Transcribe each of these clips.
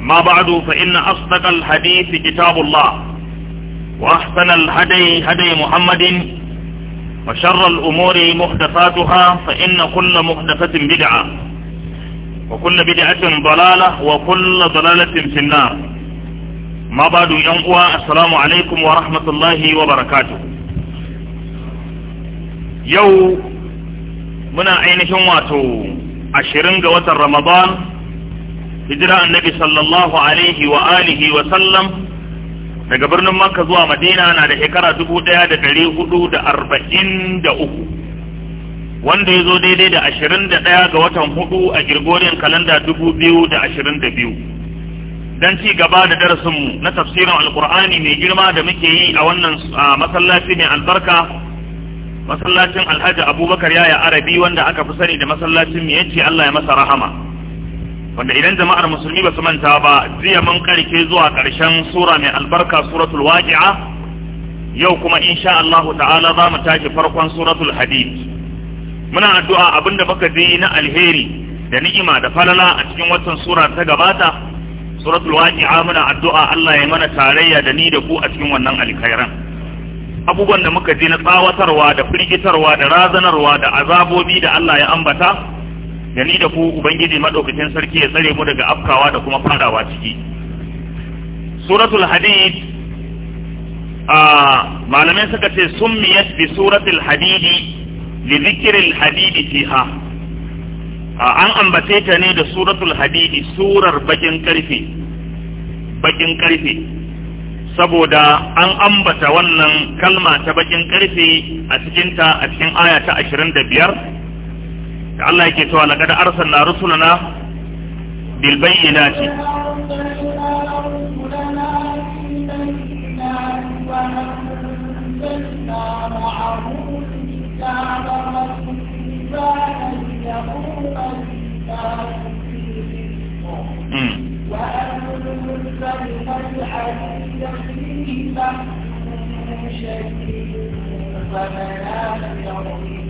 أما بعد فإن أصدق الحديث كتاب الله وأحسن الهدي هدي محمد وشر الأمور محدثاتها فإن كل محدثة بدعة وكل بدعة ضلالة وكل ضلالة في النار ما بعد ينقوى السلام عليكم ورحمة الله وبركاته يو منا عينهم واتو عشرين جوة رمضان hijira annabi sallallahu alaihi wa alihi wa sallam daga birnin makka zuwa madina na da shekara dubu ɗaya da dari hudu da arba'in da uku wanda ya zo daidai da ashirin da ɗaya ga watan hudu a girgorin kalanda dubu biyu da ashirin da biyu don ci gaba da darasinmu na tafsirin alkur'ani mai girma da muke yi a wannan masallaci mai albarka masallacin alhaji abubakar yaya arabi wanda aka fi sani da masallacin mu yace allah ya masa rahama wanda idan jama'ar musulmi ba su manta ba jiya mun karke zuwa karshen sura mai albarka suratul waqi'a yau kuma insha Allah ta'ala za mu tashi farkon suratul hadid muna addu'a abinda baka ji na alheri da ni'ima da falala a cikin watan sura ta gabata suratul waqi'a muna addu'a Allah ya mana tarayya da ni da ku a cikin wannan alkhairan abubuwan da muka ji na tsawatarwa da firgitarwa da razanarwa da azabobi da Allah ya ambata da ni da ku ubangiji madaukakin sarki ya tsare mu daga afkawa da kuma farawa ciki suratul hadid a malamai suka ce summiyat bi suratul hadidi li zikril hadidi fiha an ambace ta ne da suratul hadidi surar bakin karfe bakin karfe saboda an ambata wannan kalma ta bakin karfe a cikinta a cikin aya ta 25 da Allah yake cewa laqad arsalna rusulana bil bayyinati وأنزلنا hmm.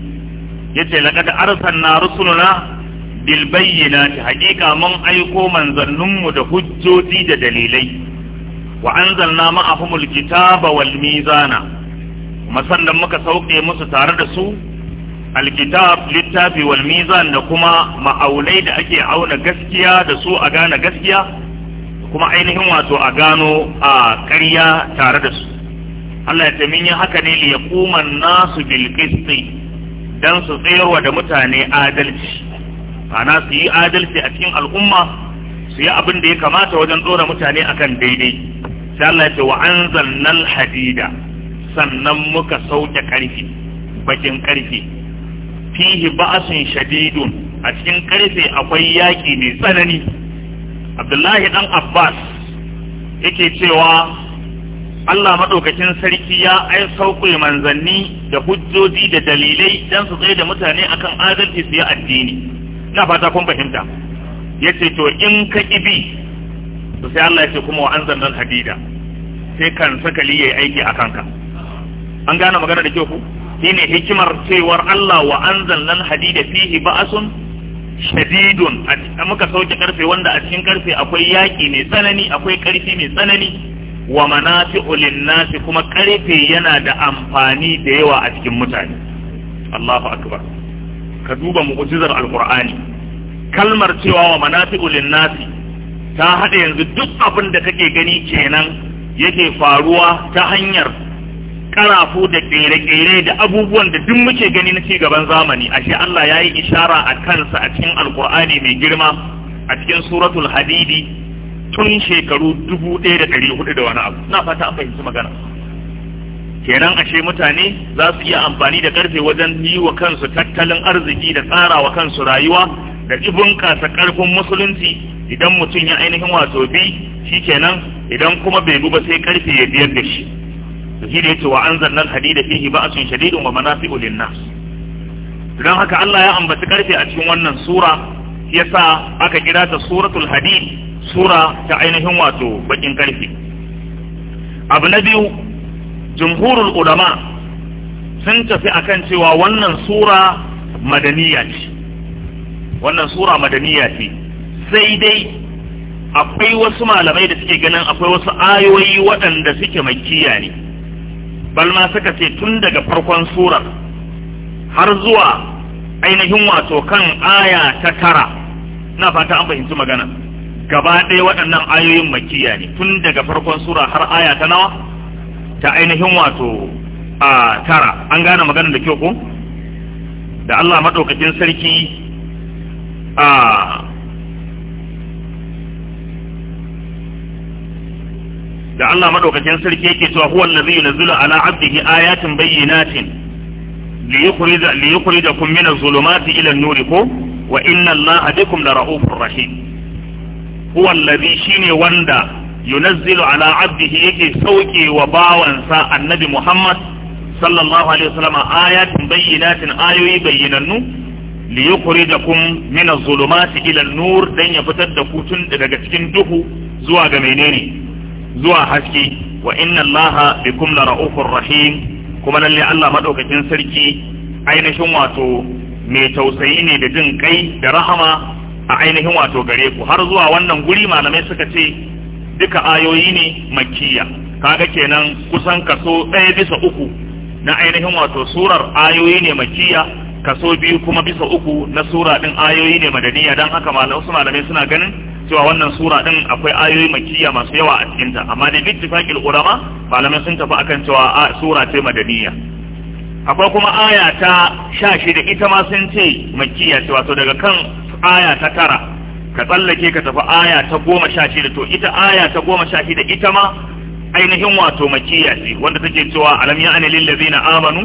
yace laqad arsalna rusuluna bil bayyinati haqiqa mun aiko manzanninmu da hujjoji da dalilai wa anzalna ma'ahumul kitaba wal mizana masallan muka sauke musu tare da su alkitab littafi wal mizan da kuma ma'aulai da ake auna gaskiya da su a gane gaskiya kuma ainihin wato a gano a ƙarya tare da su Allah ya yi haka ne li yaquman nasu bil qisti don su tsayarwa da mutane adalci ana su yi adalci a cikin al'umma su yi abin da ya kamata wajen tsora mutane akan daidai sai Allah ya ce wa anzalnal hadida sannan muka sauke karfi bakin karfi fihi ba'sun shadidun a cikin karfe akwai yaki mai tsanani Abdullahi dan Abbas yake cewa Allah maɗaukacin sarki ya ai sauƙe manzanni da hujjoji da dalilai don su tsaye da mutane akan adalci su yi addini na fata kun fahimta ya ce to in ka bi to sai Allah ya ce kuma wa an zannan hadida sai kan sakali ya yi aiki a kanka an gane magana da kyau ku ne hikimar cewar Allah wa an zannan hadida fihi ba'asun shadidun a muka sauke karfe wanda a cikin karfe akwai yaƙi mai tsanani akwai karfi mai tsanani wa manafi'u linnasi kuma karfe yana da amfani da yawa a cikin mutane Allahu akbar ka duba mu'jizar alqur'ani kalmar cewa wa manafi'u linnasi ta hada yanzu duk abin da kake gani kenan yake faruwa ta hanyar karafu da kere-kere da abubuwan da duk muke gani na ci gaban zamani ashe Allah ya yi ishara a kansa a cikin alqur'ani mai girma a cikin suratul hadidi tun shekaru dubu ɗaya da ɗari hudu da wani abu na fata an fahimci magana kenan ashe mutane za su iya amfani da karfe wajen yi wa kansu tattalin arziki da tsara wa kansu rayuwa da bunƙasa karfin musulunci idan mutum ya ainihin wato bi shi kenan idan kuma bai ba sai karfe ya biyar da shi shi da yace wa anzalna al-hadida fihi sun shadidun wa manafi'u lin-nas don haka Allah ya ambaci karfe a cikin wannan sura yasa aka kira ta suratul hadid sura ta ainihin wato bakin karfi abu na biyu jumhurul ulama sun tafi akan cewa wannan sura madaniya ce wannan sura madaniya ce sai dai akwai wasu malamai da suke ganin akwai wasu ayoyi waɗanda suke makiya ne balma suka ce tun daga farkon surar har zuwa ainihin wato kan aya ta tara na fata an fahimci magana gaba ɗaya waɗannan ayoyin makiya ne tun daga farkon sura har aya ta nawa ta ainihin wato a tara an gane maganar da kyau ko da Allah maɗaukakin sarki a da Allah madaukakin sarki yake cewa huwa allazi yunzilu ala abdihi ayatin bayyinatin li min adh-dhulumati ila an ko wa inna allaha bikum la ra'ufur rahim huwa shi shine wanda yunazzilu ala abdihi yake sauke wa bawansa annabi Muhammad sallallahu alaihi wasallam ayatin bayyinatin ayoyi bayyinannu li yukhrijakum min adh-dhulumati ila an-nur dan ya fitar da ku tun daga cikin duhu zuwa ga menene zuwa haske wa inna allaha bikum la ra'ufur rahim kuma ne Allah madaukakin sarki ainihin wato mai tausayi ne da jin kai da rahama a ainihin wato gare ku har zuwa wannan guri malamai suka ce duka ayoyi ne makkiya kaga kenan kusan kaso ɗaya bisa uku na ainihin wato surar ayoyi ne makkiya kaso biyu kuma bisa uku na sura ɗin ayoyi ne madaniya don haka wasu malamai suna ganin cewa wannan sura ɗin akwai ayoyi makkiya masu yawa a cikinta amma da bittifaqil ulama malamai sun tafi akan cewa sura ce madaniya akwai kuma aya ta sha shida ita ma sun ce makiyya ce wato daga kan aya ta tara ka tsallake ka tafi aya ta goma sha shida to ita aya ta goma sha shida ita ma ainihin wato makiya ce wanda take cewa alam ya ani lil ladina amanu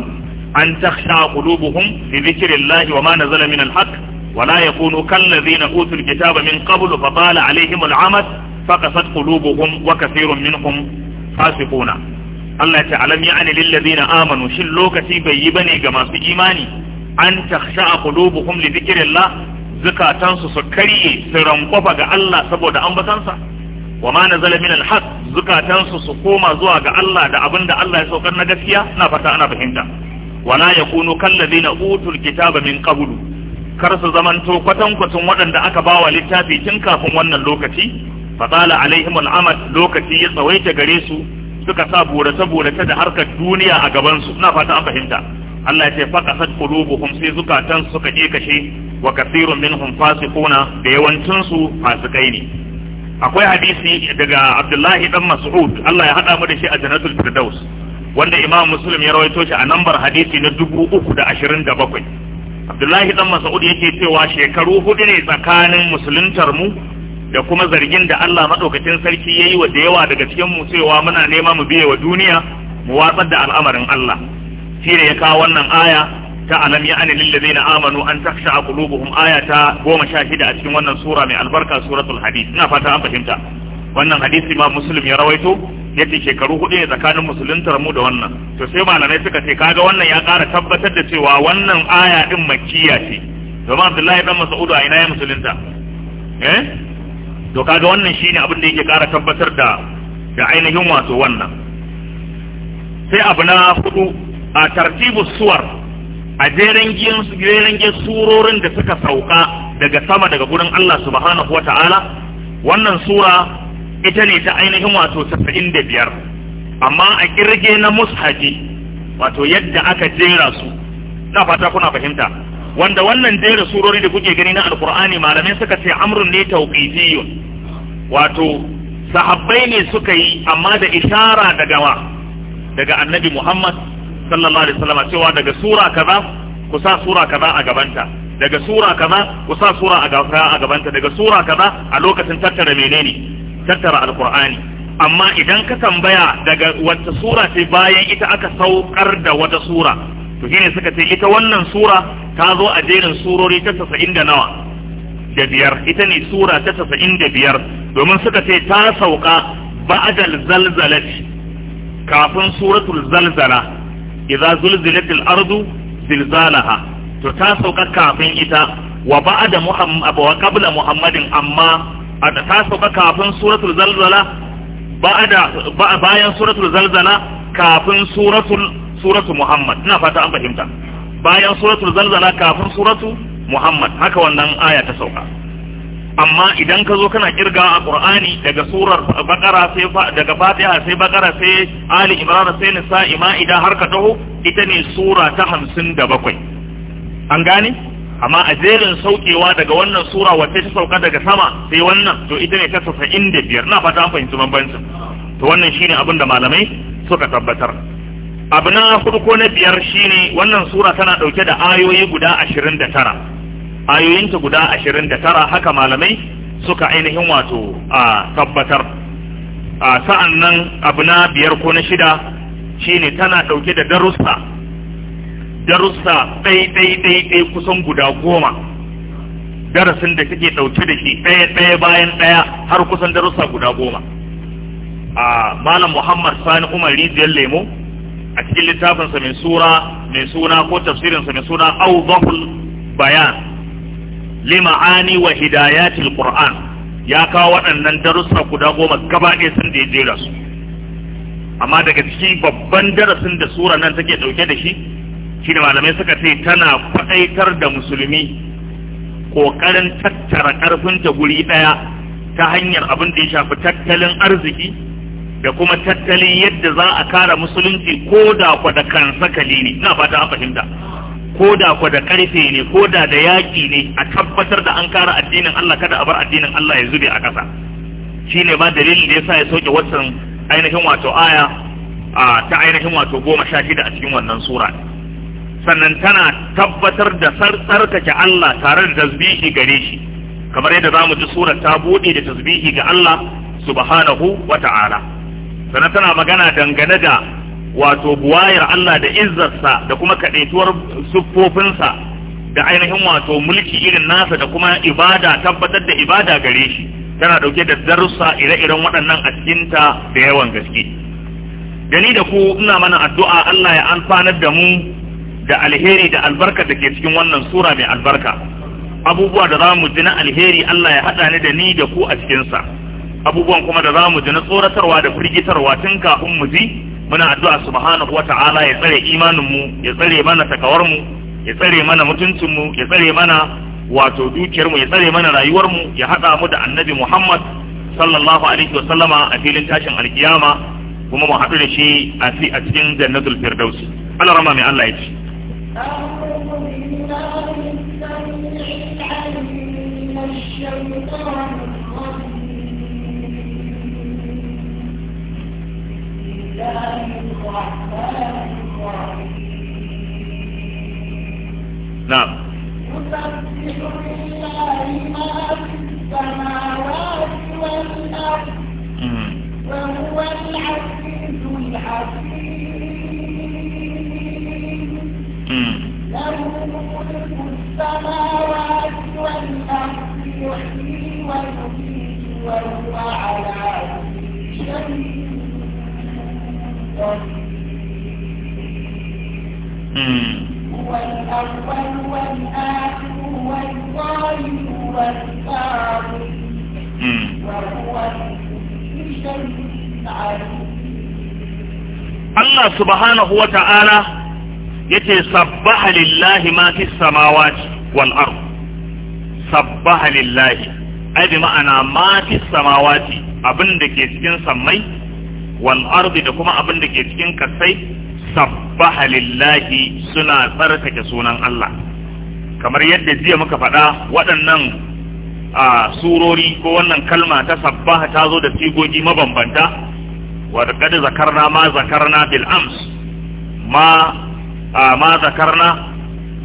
an takhsha qulubuhum li dhikrillahi wa ma nazala min al-haq wa la yakunu kal ladina utul kitaba min qabl fa tala alaihim al faqasat qulubuhum wa kathirun minhum fasiquna Allah ya ce alam ya ani lil ladina amanu shin lokaci bai yi bane ga masu imani an takhsha qulubuhum li dhikrillah zukatansu su karye su rankwafa ga Allah saboda ambatansa wa ma nazala min alhaq zukatansu su koma zuwa ga Allah da abinda Allah ya saukar na gaskiya na fata ana fahimta wala yakunu kallazina utul kitaba min qablu kar su zamanto kwatan kwatan waɗanda aka bawa littafi tun kafin wannan lokaci fatala alaihim al'amal lokaci ya tsawaita gare su suka sa burace ta da harkar duniya a gaban su na fata an fahimta Allah ya ce faqasat qulubuhum sai zukatan suka je kashe wa kasirun minhum fasiquna da yawancin su fasikai ne akwai hadisi daga Abdullahi dan Mas'ud Allah ya hada mu da shi a Jannatul Firdaus wanda Imam Muslim ya rawaito shi a lambar hadisi na 327 Abdullahi dan Mas'ud yake cewa shekaru hudu ne tsakanin musuluntar mu da kuma zargin da Allah madaukakin sarki yayi wa da yawa daga cikin mu cewa muna nema mu biye wa duniya mu watsar da al'amarin Allah shine ya kawo wannan aya ta alam ya ani lillazina amanu an taksha qulubuhum ayata shida a cikin wannan sura mai albarka suratul hadid ina fata an fahimta wannan hadisi ma muslim ya rawaito yace shekaru hudu ne tsakanin musuluntar mu da wannan to sai malamai suka ce kaga wannan ya ƙara tabbatar da cewa wannan aya din makkiya ce domin Abdullahi dan Mas'ud a ina ya musulunta eh to kaga wannan shine abin da yake ƙara tabbatar da da ainihin wato wannan sai abu na hudu a tartibu suwar a jeren giyan surorin da suka sauka daga sama daga gurin Allah subhanahu wa ta'ala wannan sura ita ne ta ainihin wato biyar. amma a kirge na mushafi wato yadda aka jera su na fata kuna fahimta wanda wannan jera surori da kuke gani na alkur'ani malamai suka ce amrun ne tauqifiyun wato sahabbai ne suka yi amma da isara daga wa daga annabi Muhammad sallallahu alaihi wasallam cewa daga sura kaza ku sa sura kaza a gabanta daga sura kaza ku sa sura a a gabanta daga sura kaza a lokacin tattara menene tattara alqur'ani amma idan ka tambaya daga wata sura ce bayan ita aka saukar da wata sura to shine suka ce ita wannan sura ta zo a jerin surori ta 90 da nawa da biyar ita ne sura ta da biyar. domin suka ce ta sauka ba'adal zalzalati kafin suratul zalzala idza zulzilatil ardu zilzalaha to ta sauka kafin ita wa ba'da muhammad wa qabla muhammadin amma a ta sauka kafin suratul zalzala ba'da bayan suratul zalzala kafin suratul suratu muhammad ina fata an fahimta bayan suratul zalzala kafin suratu muhammad haka wannan aya ta sauka amma idan ka zo kana kirga a qur'ani daga surar bakara sai daga fatiha sai bakara sai ali imran sai nisa'i ma'ida har ka taho ita ne sura ta hamsin da bakwai an gane amma a jerin saukewa daga wannan sura wacce ta sauka daga sama sai wannan to ita ne ta sasa'in da biyar na fata an fahimci bambancin to wannan shine abin da malamai suka tabbatar abu na hudu ko na biyar shine wannan sura tana dauke da ayoyi guda ashirin da tara ayoyinta guda ashirin da tara haka malamai suka ainihin wato a tabbatar a sa'an nan abu na biyar ko na shida shine tana ɗauke da darussa darussa ɗai-ɗai-ɗai kusan guda goma darasin da take ɗauke da shi ɗaya-ɗaya bayan ɗaya har kusan darussa guda goma a malam muhammad sani umar rijiyar lemo a cikin littafinsa mai suna ko tafsirinsa mai suna audhul bayan lima'ani wa hidayatil qur'an ya kawo waɗannan darussa guda goma gaba ɗaya sun da ya jera su amma daga cikin babban darasin da sura nan take ɗauke da shi shi shine malamai suka ce tana faɗaitar da musulmi ƙoƙarin tattara ƙarfinta guri ɗaya ta hanyar abin da ya shafi tattalin arziki da kuma tattalin yadda za a kara musulunci ko da kwada kan sakali ne ina fata a fahimta ko da ku da karfe ne ko da da yaki ne a tabbatar da an kara addinin Allah kada a bar addinin Allah ya zube a ƙasa shine ba dalilin da yasa ya sauke watan ainihin wato aya ta ainihin wato goma sha shida a cikin wannan sura sannan tana tabbatar da tsarkake Allah tare da tasbihi gare shi kamar yadda zamu ji sura ta bude da tasbihi ga Allah subhanahu wa ta'ala sannan tana magana dangane da wato buwayar Allah da izzarsa da kuma kadaituwar siffofinsa da ainihin wato mulki irin nasa da kuma ibada tabbatar da ibada gare shi tana ɗauke da darussa ire-iren waɗannan a cikinta da yawan gaske da ni da ku ina mana addu'a Allah ya amfanar da mu da alheri da albarka da ke cikin wannan sura mai albarka abubuwa da za mu ji na alheri Allah ya haɗa ni da ni da ku a cikinsa abubuwan kuma da za mu ji na tsoratarwa da firgitarwa tun kafin mu ji muna addu'a subhanahu wata'ala ya tsare imanin mu ya tsare mana takawar mu ya tsare mana mutuncin mu ya tsare mana wato dukiyar mu ya tsare mana rayuwar mu ya hada mu da annabi Muhammad sallallahu alaihi wa sallama a filin tashin alkiyama kuma mu haɗu da shi a cikin jannatul firdausi Allah rama mai Allah ya ci نعم يسبح لله ما في السماوات والأرض وهو العزيز الحكيم له ملك السماوات والأرض يحيي ويميت وهو على كل شيء Hmm. Hmm. Allah subhanahu wa ta'ala ya ce, sabba halillahi ma fi samawa wal ard Sabba halillahi, ai bi ma'ana ma fi samawati abin da ke cikin sammai wal ardi da kuma abin da ke cikin kasai sabbaha lillahi suna tsarkake sunan Allah kamar yadda jiya muka faɗa waɗannan a surori ko wannan kalma ta sabbaha ta zo da sigogi mabambanta wadda kada zakarna ma zakarna bil ams ma ma zakarna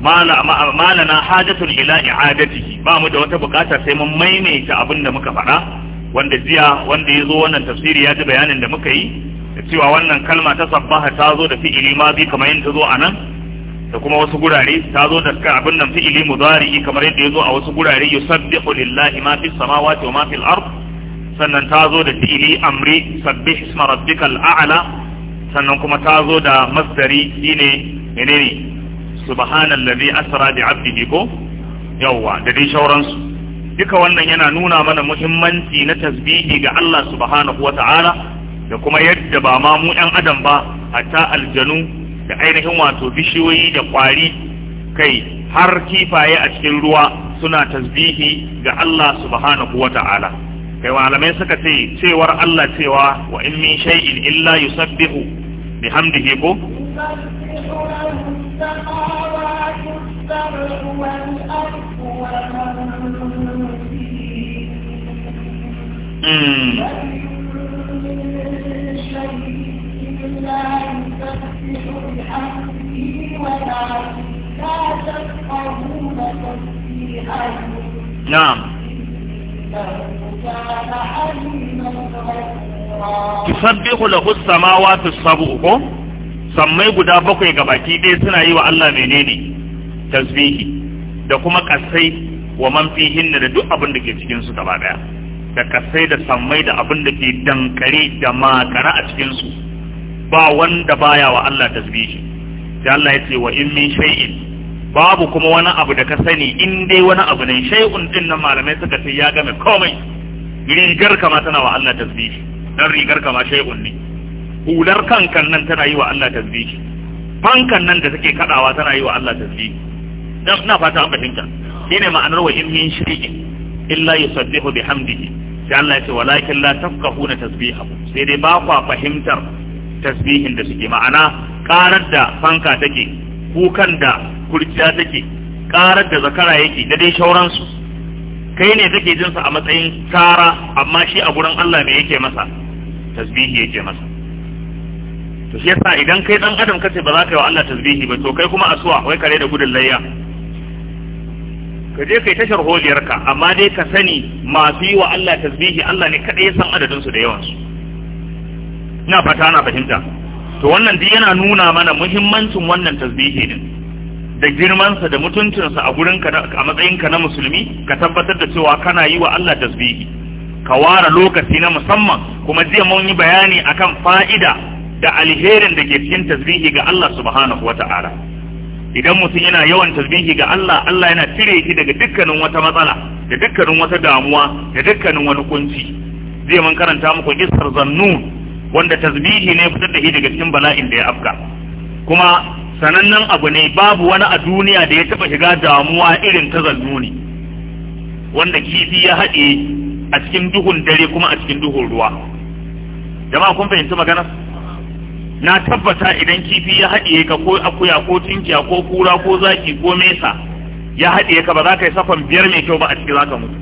malana hajatun ila i'adatihi ba mu da wata bukata sai mun maimaita abin da muka faɗa wanda jiya wanda ya zo wannan tafsiri ya ji bayanin da muka yi da cewa wannan kalma ta sabbaha ta zo da fi'ili mazi kamar yadda ta zo a nan da kuma wasu gurare ta zo da abin nan fi'ili mudari'i kamar yadda ya zo a wasu gurare yusabbihu lillahi ma fi samawati wa ma fil ard sannan ta zo da fi'ili amri sabbih isma rabbikal a'la sannan kuma ta zo da masdari shine menene subhanallazi asra bi 'abdihi ko yawwa da dai shauransu duka wannan yana nuna mana muhimmanci na tasbihi ga Allah subhanahu wata'ala da kuma yadda ba ma mu adam ba hatta aljanu da ainihin wato bishiyoyi da kwari kai har kifaye a cikin ruwa suna tasbihi ga Allah subhanahu wata'ala kai malamai suka ce cewar Allah cewa wa in min shay'in illa yusabbihu bihamdihi ko السماوات السبع والأرض نعم تسبح له السماوات السبع sammai guda bakwai gabaki ɗaya suna yi wa Allah menene tasbihi da kuma kasai wa man fihinna da duk abin da ke cikin su gaba daya da kasai da sammai da abin da ke dankare da makara a cikin su ba wanda baya wa Allah tasbihi sai Allah ya ce wa in min shay'in babu kuma wani abu da ka sani in dai wani abu ne shay'un din nan malamai suka ce ya game komai rigar kama tana wa Allah tasbihi dan rigar kama shay'un ne hular kankan nan tana yi wa Allah tasbihi fankan nan da take kadawa tana yi wa Allah tasbihi na fata an fahimta shine ma'anar wa in min shirki illa yusabbihu bihamdihi sai Allah ya ce walakin la tafqahuna tasbihah sai dai ba kwa fahimtar tasbihin da suke ma'ana karar da fanka take kukan da kurciya take karar da zakara yake da dai shauransu kai ne take jinsa a matsayin kara amma shi a gurin Allah me yake masa tasbihi yake masa to shi yasa idan kai dan adam kace ba za ka yi wa Allah tasbihi ba to kai kuma asuwa wai kare da gudun layya ka je kai tashar holiyarka amma dai ka sani masu yi wa Allah tasbihi Allah ne kadai ya san adadin su da yawan su ina fata ana fahimta to wannan duk yana nuna mana muhimmancin wannan tasbihi din da girmansa da mutuncinsa a gurin ka a ka na musulmi ka tabbatar da cewa kana yi wa Allah tasbihi ka ware lokaci na musamman kuma jiya mun yi bayani akan fa'ida da alherin da ke cikin tasbihi ga Allah subhanahu wata'ala idan mutum yana yawan tasbihi ga Allah Allah yana cire shi daga dukkanin wata matsala da dukkanin wata damuwa da dukkanin wani kunci zai mun karanta muku isar zannun wanda tasbihi ne fitar da shi daga cikin bala'in da ya afka kuma sanannen abu ne babu wani a duniya da ya taba shiga damuwa irin ta zannuni wanda kifi ya haɗe a cikin duhun dare kuma a cikin duhun ruwa jama'a kun fahimci maganar na tabbata idan kifi ya haɗiye ka ko akuya ko tinkiya ko kura ko zaki ko mesa ya haɗiye ka ba za ka yi safan biyar mai kyau ba a ciki za ka mutu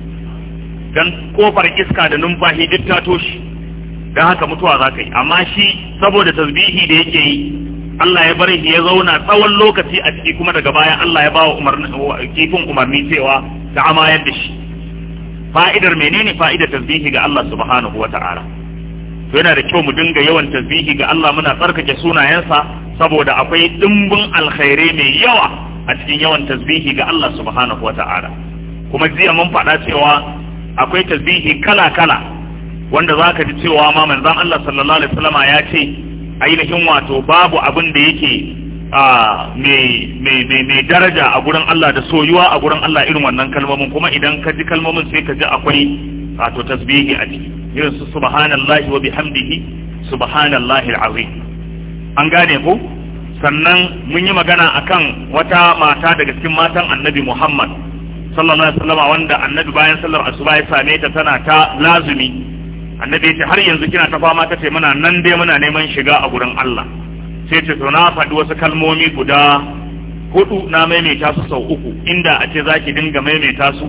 don kofar iska da numfashi duk ta toshi don haka mutuwa za ka yi amma shi saboda tasbihi da yake yi Allah ya bar shi ya zauna tsawon lokaci a ciki kuma daga baya Allah ya bawa kifin umarni cewa ta amayar da shi fa'idar menene fa'idar tasbihi ga Allah subhanahu wa ta'ala to yana da kyau mu dinga yawan tasbihi ga Allah muna tsarkake sunayensa saboda akwai dimbin alkhairi mai yawa a cikin yawan tasbihi ga Allah subhanahu wata'ala kuma jiya mun faɗa cewa akwai tasbihi kala kala wanda zaka ji cewa ma manzon Allah sallallahu alaihi wasallama ya ce ainihin wato babu abin da yake mai daraja a gurin Allah da soyuwa a gurin Allah irin wannan kalmomin kuma idan ka ji kalmomin sai ka ji akwai wato tasbihi a ciki irin su subhanallahi wa bihamdihi subhanallahi alazim an gane ku. sannan mun yi magana akan wata mata daga cikin matan annabi Muhammad sallallahu alaihi wasallam wanda annabi bayan sallar asuba ya same ta tana ta lazumi annabi ya ce har yanzu kina ta fama ta ce muna nan dai muna neman shiga a gurin Allah sai ce to na faɗi wasu kalmomi guda hudu na maimaita su sau uku inda a ce zaki dinga maimaita su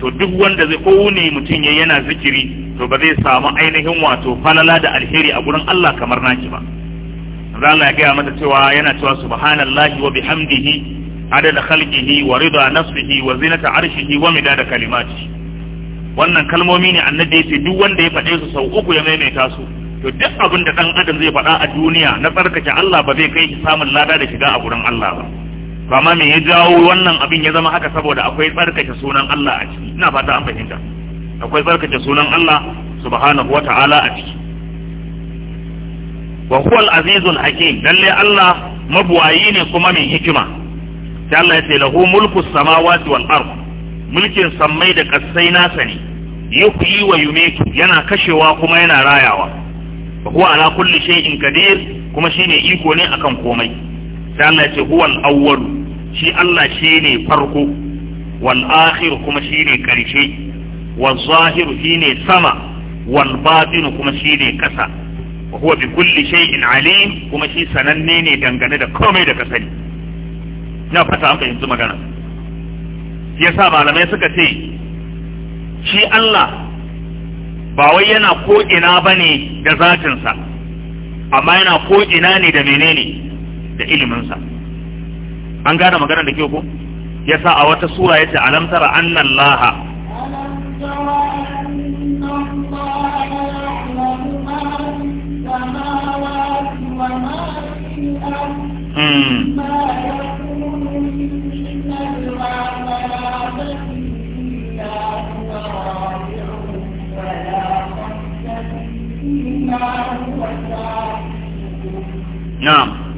to duk wanda zai ko mutum ya yana zikiri to ba zai samu ainihin wato falala da alheri a gurin Allah kamar naki ba Allah ya gaya mata cewa yana cewa subhanallahi wa bihamdihi adada khalqihi wa rida nafsihi wa zinata arshihi wa midada kalimati wannan kalmomi ne annabi yace duk wanda ya faɗe su sau uku ya maimaita su to duk abin da dan adam zai faɗa a duniya na tsarkake Allah ba zai kai shi samun lada da shiga a gurin Allah ba amma me ya jawo wannan abin ya zama haka saboda akwai tsarkake sunan Allah a ciki ina fata an fahimta akwai tsarkake sunan Allah subhanahu wa ta'ala a ciki wa huwa al-azizul hakim lalle Allah mabuwayi ne kuma mai hikima sai Allah ya ce lahu mulku samawati wal ard mulkin sammai da kasai nasa ne yuhyi wa yumitu yana kashewa kuma yana rayawa wa huwa ala kulli shay'in qadir kuma shine iko ne akan komai sai Allah ya ce huwal awwalu shi Allah shi ne farko wal akhir kuma shi shine karshe wal zahir ne sama wal batin kuma shi ne kasa wa bi kulli shay'in alim kuma shi sananne ne dangane da komai da kasani na fata an fahimci magana yasa malamai suka ce shi Allah ba wai yana ko ina bane da zatinsa amma yana ko ina ne da menene da iliminsa an gane magana da kyau ko yasa a wata sura yace alam tara anna allaha Mm.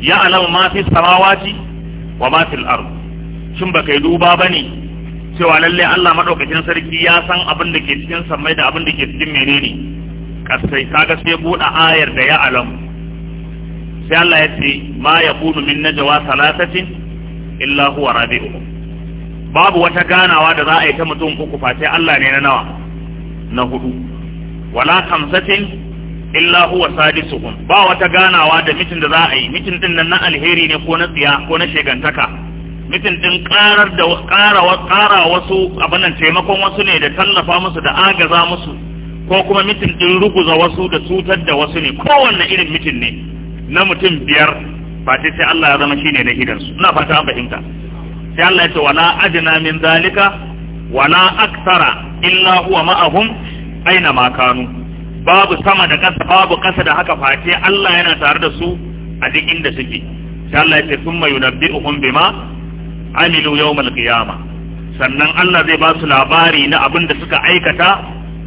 ya alam ma fi samawati wa ma fil ard shin baka yi duba bane cewa lalle Allah madaukakin sarki ya san abin da ke cikin samai da abin da ke cikin menene kasai kaga sai buɗe ayar da ya alam sai Allah ya ce ma yakunu min najwa salatatin illa huwa rabi'uhum babu wata ganawa da za a yi ta mutum uku face Allah ne na nawa na hudu wala kamsatin illa huwa sadisuhum ba wata ganawa da mitin da za a yi mitin din nan na alheri ne ko na tsiya ko na shegantaka mitin din karar da kara wasu abin taimakon wasu ne da tallafa musu da agaza musu ko kuma mitin din ruguza wasu da cutar da wasu ne kowanne irin mitin ne na mutum biyar ba sai Allah ya zama shine na gidansu ina fata an fahimta sai Allah ya ce wala ajna min zalika wala aktara illa huwa ma'ahum aina ma kanu babu sama da ƙasa babu ƙasa da haka face Allah yana tare da su a duk inda suke sai Allah ya ce summa yunabbi'uhum bima amilu yawmal qiyama sannan Allah zai ba su labari na abin da suka aikata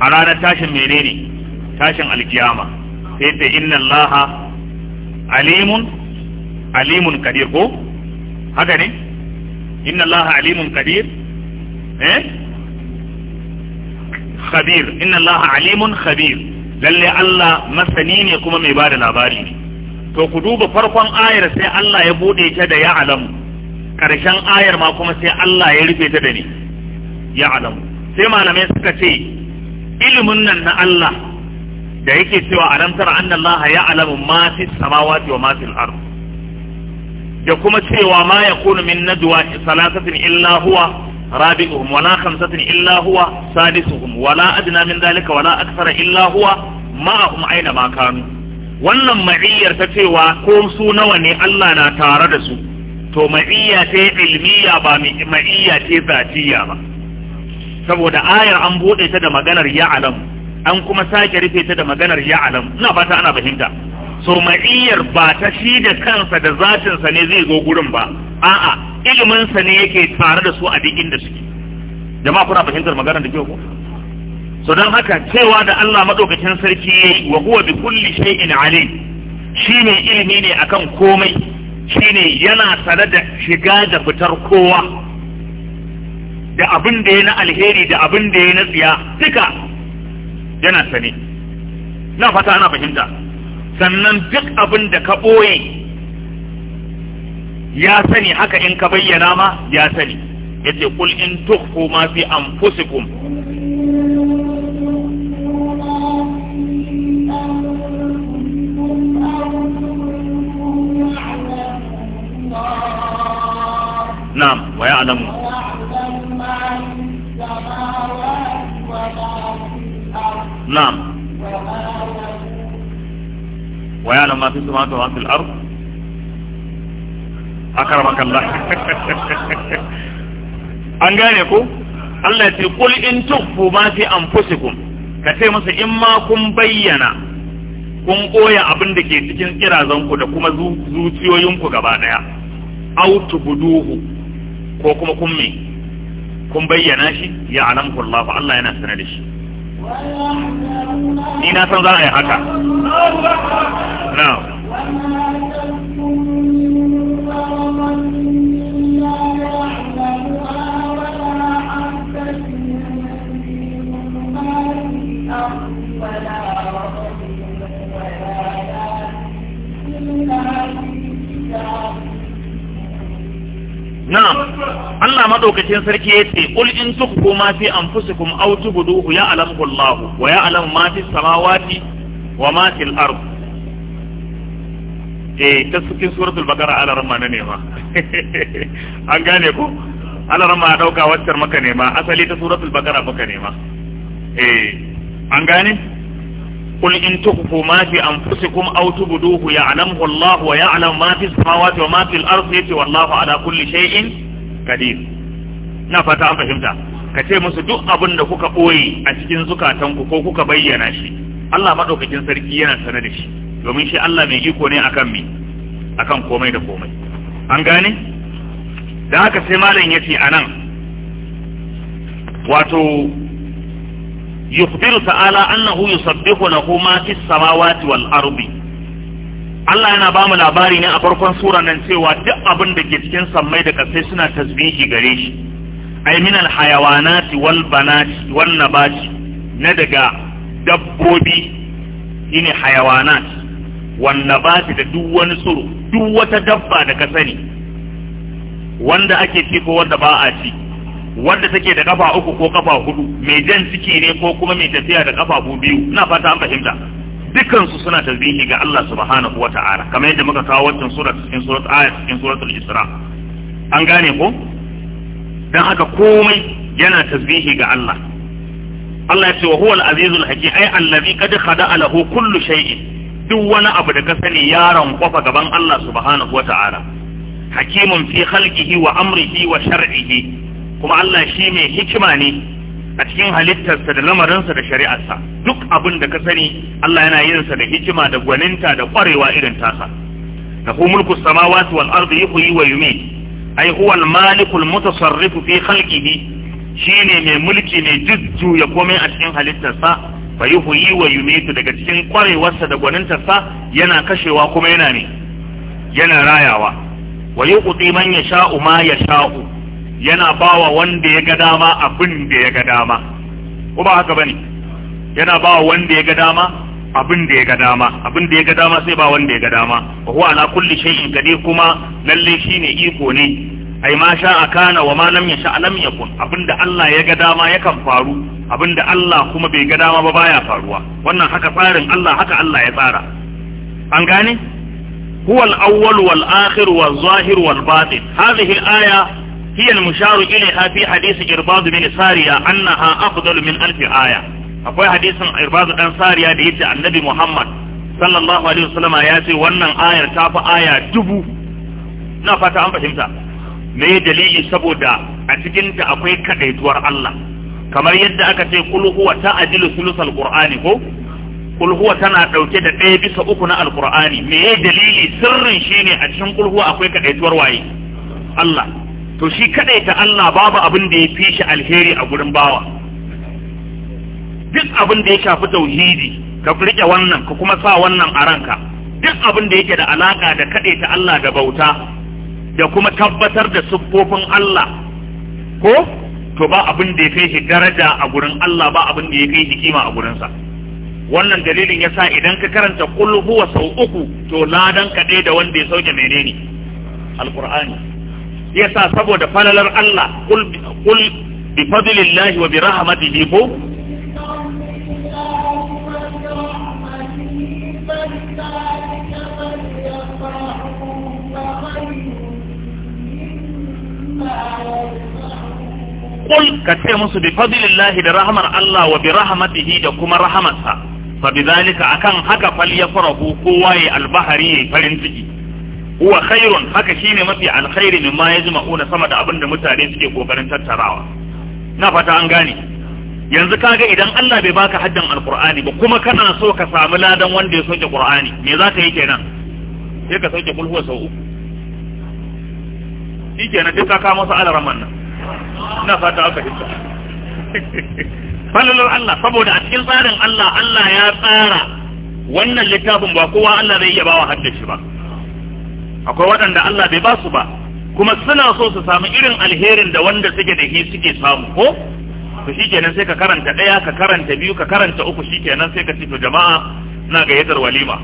a ranar tashin menene tashin alkiyama sai ta inna Allah alimun alimun kadir ko haka ne inna Allah alimun kadir eh khabir inna Allah alimun khabir lalle Allah masani ne kuma mai da labari to ku duba farkon ayar sai Allah ya bude ta da ya alamu karshen ayar ma kuma sai Allah ya rufe ta da ni ya alamu sai malamai suka ce ilimin nan na Allah da yake cewa alam tara anna Allah ya alamu ma samawati wa da kuma cewa ma yakunu min najwa salasatin illa huwa رابعهم ولا خمسة إلا هو سادسهم ولا أدنى من ذلك ولا أكثر إلا هو معهم أينما كانوا wannan ma'iyyar ta cewa ko su nawa ne Allah na tare da su to ma'iyya ce ilmiya ba ma'iyya ce zatiya ba saboda ayar an bude ta da maganar ya'lam an kuma sake rufe ta da maganar ya'lam ina fata ana fahimta so ma'iyyar ba ta shi da kansa da sa ne zai zo gurin ba a'a sa ne yake tare da su a duk inda suke jama'a kuna fahimtar magana da kyau ko so don haka cewa da Allah madaukakin sarki yayi wa huwa bi kulli shay'in alim shine ilimi ne akan komai shine yana tare da shiga da fitar kowa da abin da ya na alheri da abin da ya na tsiya duka yana sane na fata ana fahimta sannan duk abin da ka ɓoye ya sani haka in ka bayyana ma ya sani yace kul in tukhfu ma fi anfusikum نعم ويعلم نعم ويعلم ما في السماوات وما في الأرض akramakallah an gane ko Allah ya ce kul in tukhu ma fi anfusikum ka ce musu in ma kun bayyana kun koya abin da ke cikin kirazanku da kuma zuciyoyin ku gaba daya aw tubuduhu ko kuma kun me kun bayyana shi ya alamku Allah Allah yana sanar da shi ni na san za a yi haka na'am na'am Allah madaukakin sarki yace qul in tukhfu ma fi anfusikum aw tubduhu alamu Allah wa ya alamu ma fi samawati wa ma fil ard eh ta suke suratul baqara ala ramana ne ma an gane ko ala ramma dauka waccar maka ne ma asali ta suratul baqara maka ne ma eh an gane قل إن تخفوا ما في أنفسكم أو تبدوه يعلمه الله ويعلم ما في السماوات وما في الأرض يتي والله على كل شيء قدير نفتا أم فهمتا kace musu duk abin da kuka ɓoye a cikin zukatanku ko kuka bayyana shi Allah maɗaukakin sarki yana sane da shi domin shi Allah mai iko ne akan mi akan komai da komai an gane da haka sai malam yace anan wato yukhbiru ta'ala annahu yusabbihu lahu ma fis samawati wal ardi Allah yana ba mu labari ne a farkon sura nan cewa duk abin da ke cikin sammai da kasai suna tasbihi gare shi ay min al hayawanati wal banati wan nabati na daga dabbobi ine hayawanat wan nabati da duk wani tsiro duk wata dabba da ka sani wanda ake ci ko wanda ba a ci wanda take da kafa uku ko kafa hudu mai jan ciki ne ko kuma mai tafiya da kafafu biyu ina fata an fahimta dukansu suna tasbihi ga Allah subhanahu wa ta'ala kamar yadda muka kawo wancan surat cikin surat ayat cikin suratul isra an gane ko dan haka komai yana tasbihi ga Allah Allah ya ce wa huwal azizul hakim ai allazi qad khada'a lahu kullu shay'in duk wani abu da ka sani yaron kofa gaban Allah subhanahu wa ta'ala hakimun fi khalqihi wa amrihi wa shar'ihi kuma Allah shi mai hikima ne a cikin halittarsa da lamarinsa da shari'arsa duk abin da ka sani Allah yana yin sa da hikima da gwaninta da kwarewa irin tasa lahu mulku samawati wal ardi yuhyi wa yumiit ay huwa al maliku al mutasarrif fi khalqihi shine mai mulki mai jujju ya komai a cikin halittarsa fa yuhyi wa yumiit daga cikin kwarewarsa da gwanintarsa yana kashewa kuma yana ne yana rayawa wa yuqti man yasha'u ma yasha'u yana bawa wanda ya ga dama abin da ya ga dama ko ba haka bane yana bawa wanda ya ga dama abin da ya ga dama abin da ya ga dama sai ba wanda ya ga dama wa huwa ala kulli shay'in qadir kuma lalle shine iko ne ai ma sha akana wa ma lam yasha lam yakun abinda Allah ya ga dama yakan faru abinda Allah kuma bai ga dama ba baya faruwa wannan haka tsarin Allah haka Allah ya tsara an gane huwa al-awwal wal akhir wal zahir wal batin hadhihi al-aya هي المشار إليها في حديث إرباض بن سارية أنها أفضل من ألف آية أقول حديث إرباض بن سارية ديت النبي محمد صلى الله عليه وسلم ياتي ta آية aya dubu دبو fata an fahimta me dalili saboda a cikinta akwai kadaituwar Allah kamar yadda aka ce kulhuwa huwa ta'dilu thuluthal qur'ani ko kulhuwa huwa tana dauke da ɗaya bisa uku na alqur'ani me dalili sirrin shine a cikin kul huwa akwai kadaituwar waye Allah to shi kadai ta Allah babu abin da ya fi shi alheri a gurin bawa duk abin da ya shafi tauhidi ka rike wannan ka kuma sa wannan a ranka duk abin da yake da alaka da kadai ta Allah da bauta da kuma tabbatar da siffofin Allah ko to ba abin da ya fi shi daraja a gurin Allah ba abin da ya fi shi kima a gurinsa wannan dalilin yasa idan ka karanta kul huwa sau uku to ladan ka da wanda ya sauke menene alqur'ani yasa saboda falalar Allah kul kul bi fadlillahi wa bi rahmatihi ko kul ka ce musu bi fadlillahi da rahmar Allah wa bi rahmatihi da kuma rahmatsa fa bi zalika akan haka fal yafrahu kowa ya albahari yayi farin ciki huwa khairun haka shine mafi alkhairi mimma yajma'una sama da abinda mutane suke kokarin tattarawa na fata an gane yanzu kaga idan Allah bai baka haddan alqur'ani ba kuma kana so ka samu ladan wanda ya soke qur'ani me za ka yi kenan sai ka soke kulhu sau uku shi kenan duk ka kawo masa alaraman nan ina fata aka hita falalar Allah saboda a cikin tsarin Allah Allah ya tsara wannan littafin ba kowa Allah zai iya bawa haddashi ba akwai waɗanda Allah bai ba su ba kuma suna so su samu irin alherin da wanda suke da shi suke samu ko to shikenan sai ka karanta ɗaya ka karanta biyu ka karanta uku shikenan sai ka ce to jama'a na gayyatar walima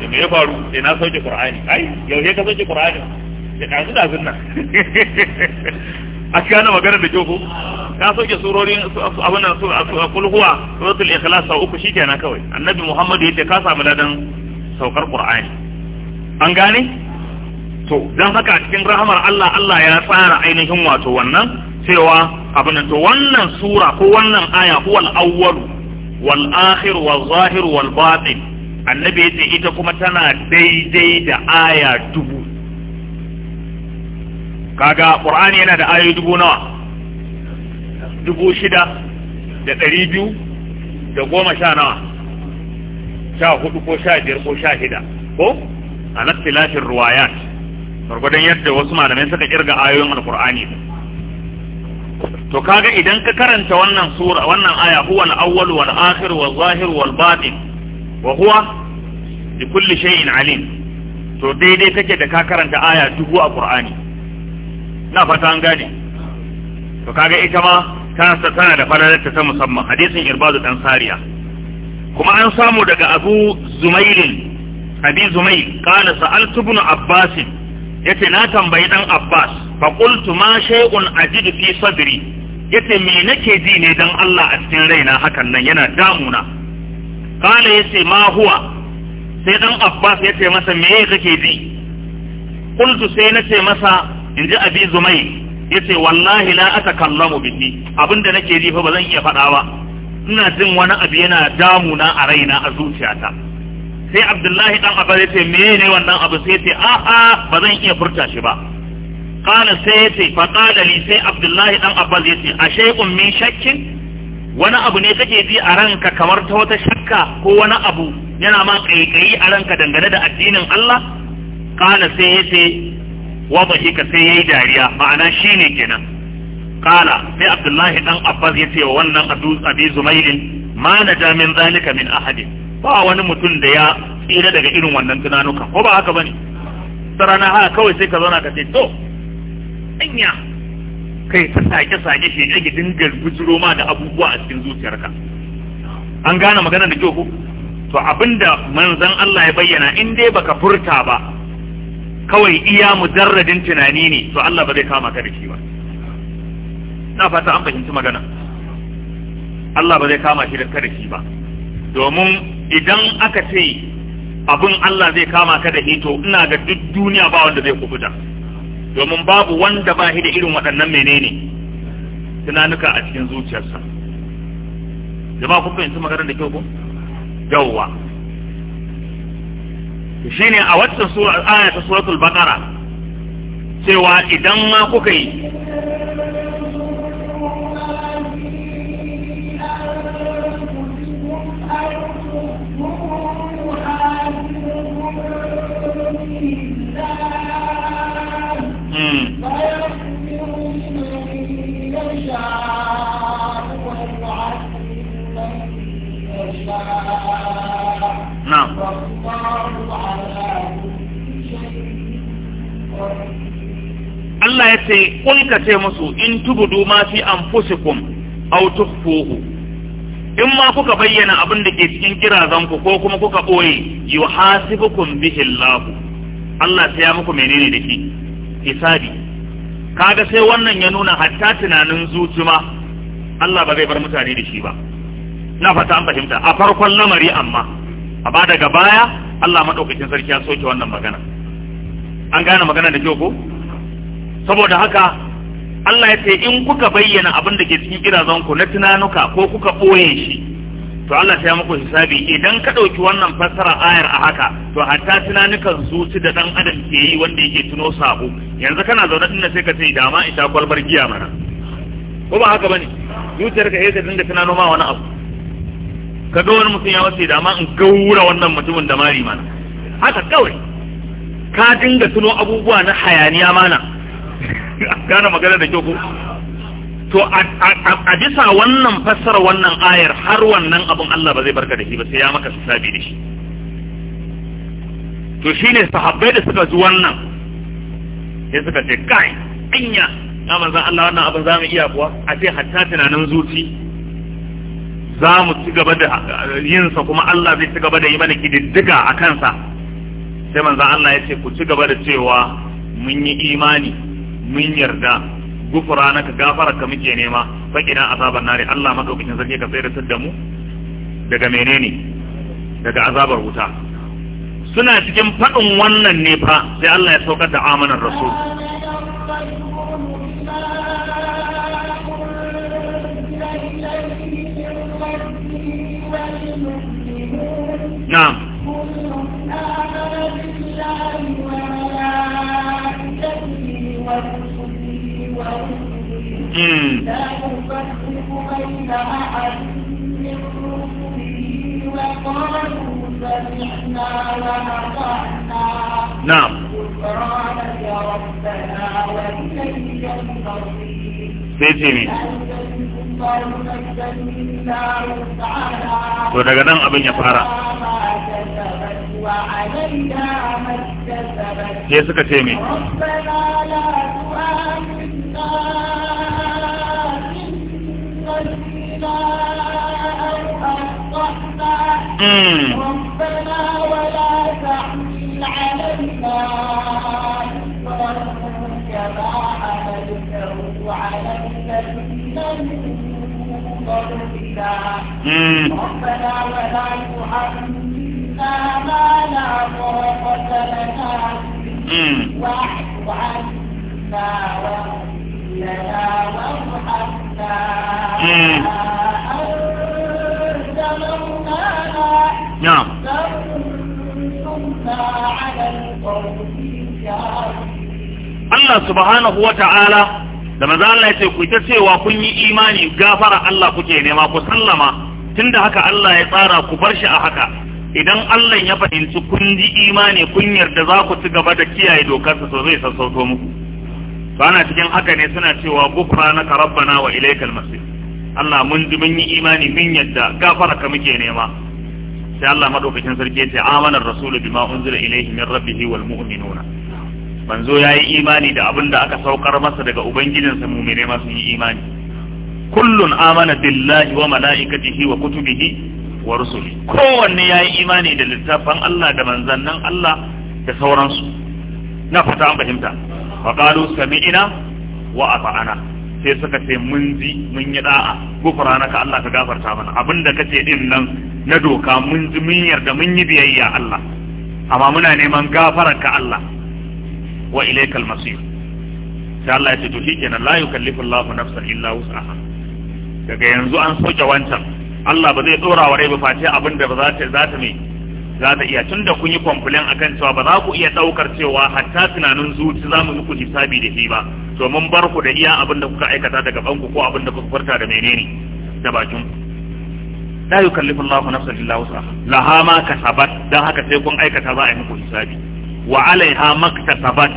da me ya faru sai na sauke qur'ani ai yau sai ka sauke qur'ani sai ka da zunna a cikin magana da joko ka sauke surori abin nan su a kulhuwa suratul ikhlas sau uku shikenan kawai annabi muhammad yace ka samu ladan saukar qur'ani an gane to don haka cikin rahamar Allah Allah ya tsara ainihin wato wannan cewa abin to wannan sura ko wannan aya ko wal awwal wal akhir wal zahir wal batin annabi yace ita kuma tana daidai da aya dubu kaga qur'ani yana da ayoyi dubu nawa dubu shida da ɗari biyu da goma sha nawa sha hudu ko sha biyar ko sha shida ko a nattilashin ruwayat gwargwadon yadda wasu malamai suka kirga ayoyin alkur'ani to kaga idan ka karanta wannan sura wannan aya huwa al-awwal wal akhir wal zahir wal batin wa huwa bi kulli shay'in alim to daidai take da ka karanta aya dubu a qur'ani na fata an gane to kaga ita ma tana tana da falalarta ta musamman hadisin irbadu dan sariya kuma an samu daga abu zumailin abi zumail qala sa'altu ibn abbasin yace na tambayi dan Abbas fa qultu ma shay'un ajidu fi sadri yace me nake ji ne dan Allah a cikin raina hakan nan yana damuna kala yace ma huwa sai dan Abbas yace masa me kake ji qultu sai nace masa inji abi zumai yace wallahi la atakallamu bihi abinda nake ji fa bazan iya faɗa ba ina jin wani abu yana damuna a raina a zuciyata sai abdullahi dan abbas ya ce menene wannan abu sai ya ce a'a ba zan iya furta shi ba qala sai ya ce fa qala sai abdullahi dan abbas ya ce a shay'un min shakkin wani abu ne kake ji a ranka kamar ta wata shakka ko wani abu yana ma kaikayi a ranka dangane da addinin Allah qala sai ya ce wa ka sai yayi dariya ma'ana shine kenan kala sai abdullahi dan abbas ya ce wa wannan abu abi zumailin ma min zalika min ahadin ba wani mutum da ya tsira daga irin wannan tunanukan ko ba haka bane sarana haka kawai sai ka zauna ka ce to anya kai ta sake sake shi ya dinga bujiro ma da abubuwa a cikin zuciyarka an gane magana da kyau ko to abinda manzon Allah ya bayyana in dai baka furta ba kawai iya mujarradin tunani ne to Allah ba zai kama ka da shi ba na fata an fahimci magana Allah ba zai kama shi da ka shi ba domin idan aka ce abin Allah zai kama ka da hito ina ga duk duniya ba wanda zai kubuta domin babu wanda ba da irin waɗannan menene tunanuka a cikin zuciyarsa jama'a kun fahimci magana da kyau ko yawwa shine a waccan sura aya ta suratul baqara cewa idan ma kuka yi Allah ya ce kul ka ce musu in tubudu ma fi anfusikum aw tukhfuhu in ma kuka bayyana abin da ke cikin kirazan ku ko kuma kuka boye yuhasibukum bihi Allah Allah ya muku menene da hisabi kaga sai wannan ya nuna hatta tunanin ma Allah ba zai bar mutane da shi ba na fata an fahimta a farkon lamari amma a ba daga baya Allah madaukakin sarki ya soke wannan magana an gane magana da kyau ko saboda haka Allah ya ce in kuka bayyana abin da ke cikin kirazanku na tunanuka ko kuka ɓoye shi to Allah ya muku hisabi idan ka ɗauki wannan fassara ayar a haka to hatta tunanukan zuci da ɗan adam ke yi wanda yake tuno sabo yanzu kana zaune ɗin sai ka ce dama ita kwalbar giya mana ko ba haka bane zuciyar ka yadda eh, dinga tunano ma wani abu ka ga wani mutum ya wace dama in gaura wannan mutumin da mari mana haka kawai ka dinga tuno abubuwa na hayaniya mana gane magana da kyau ko to a bisa wannan fassara wannan ayar har wannan abin Allah ba zai barka da shi ba sai ya maka sabi da shi to shi ne sahabbai da suka ji wannan sai suka ce kai anya na zan Allah wannan abin za mu iya kuwa a ce hatta tunanin zuci za mu ci gaba da yinsa kuma Allah zai ci gaba da yi mana kididdiga a kansa sai manzan Allah ya ce ku ci gaba da cewa mun yi imani mun yarda gufura na ka gafara ka muke nema fakina azabar nare Allah madaukakin sarki ka tsere da mu daga menene daga azabar wuta suna cikin faɗin wannan ne fa sai Allah ya saukar da amanar rasul na'am ورسله ورسله لا نفرق بين أحد من رسله وقالوا سمعنا وأطعنا نعم غفرانك ربنا وإليك المصير to daga nan abin ya fara sai suka ce mai Mm. ربنا ولا تحملنا ما لا طاقة لنا واعف عنا واغفر لنا وارحمنا أنت مولانا نعم فانصرنا على القوم الكافرين الله سبحانه وتعالى da manzo Allah ya ce ku ta cewa kun yi imani gafara Allah kuke nema ku sallama tunda haka Allah ya tsara ku bar shi a haka idan Allah ya fahimci kun ji imani kun yarda za ku ci gaba da kiyaye dokarsa to zai sassauto muku bana cikin haka ne suna cewa gufranaka rabbana wa ilaikal masir Allah mun ji mun yi imani mun yarda gafara ka muke nema sai Allah madaukakin sarki ya ce amanar rasulu bima unzila ilayhi min rabbihi wal mu'minuna manzo ya yi imani da abin da aka saukar masa daga ubangijinsa mu ma masu yi imani kullun amana billahi wa mala'ikatihi wa kutubihi wa rusuli kowanne ya yi imani da littafan Allah da manzannin Allah da sauransu na fata an fahimta wa qalu sami'na wa ata'na sai suka ce mun ji mun yi da'a gufranaka Allah ka gafarta mana abinda kace din nan na doka mun ji mun yarda mun yi biyayya Allah amma muna neman gafaranka Allah wa ilaikal masir sai Allah ya ce to shikenan la yukallifu Allahu nafsan illa wus'aha daga yanzu an soke wancan Allah ba zai dora wa rai ba face abin da ba za ta za ta me za ta iya tunda kun yi complain akan cewa ba za ku iya daukar cewa hatta tunanin zuci za mu muku hisabi da shi ba to mun bar ku da iya abin da kuka aikata daga banku ko abin da kuka furta da menene da bakin ku la yukallifu Allahu nafsan illa wus'aha laha ma kasabat dan haka sai kun aikata za a yi muku hisabi wa alaiha maktasabat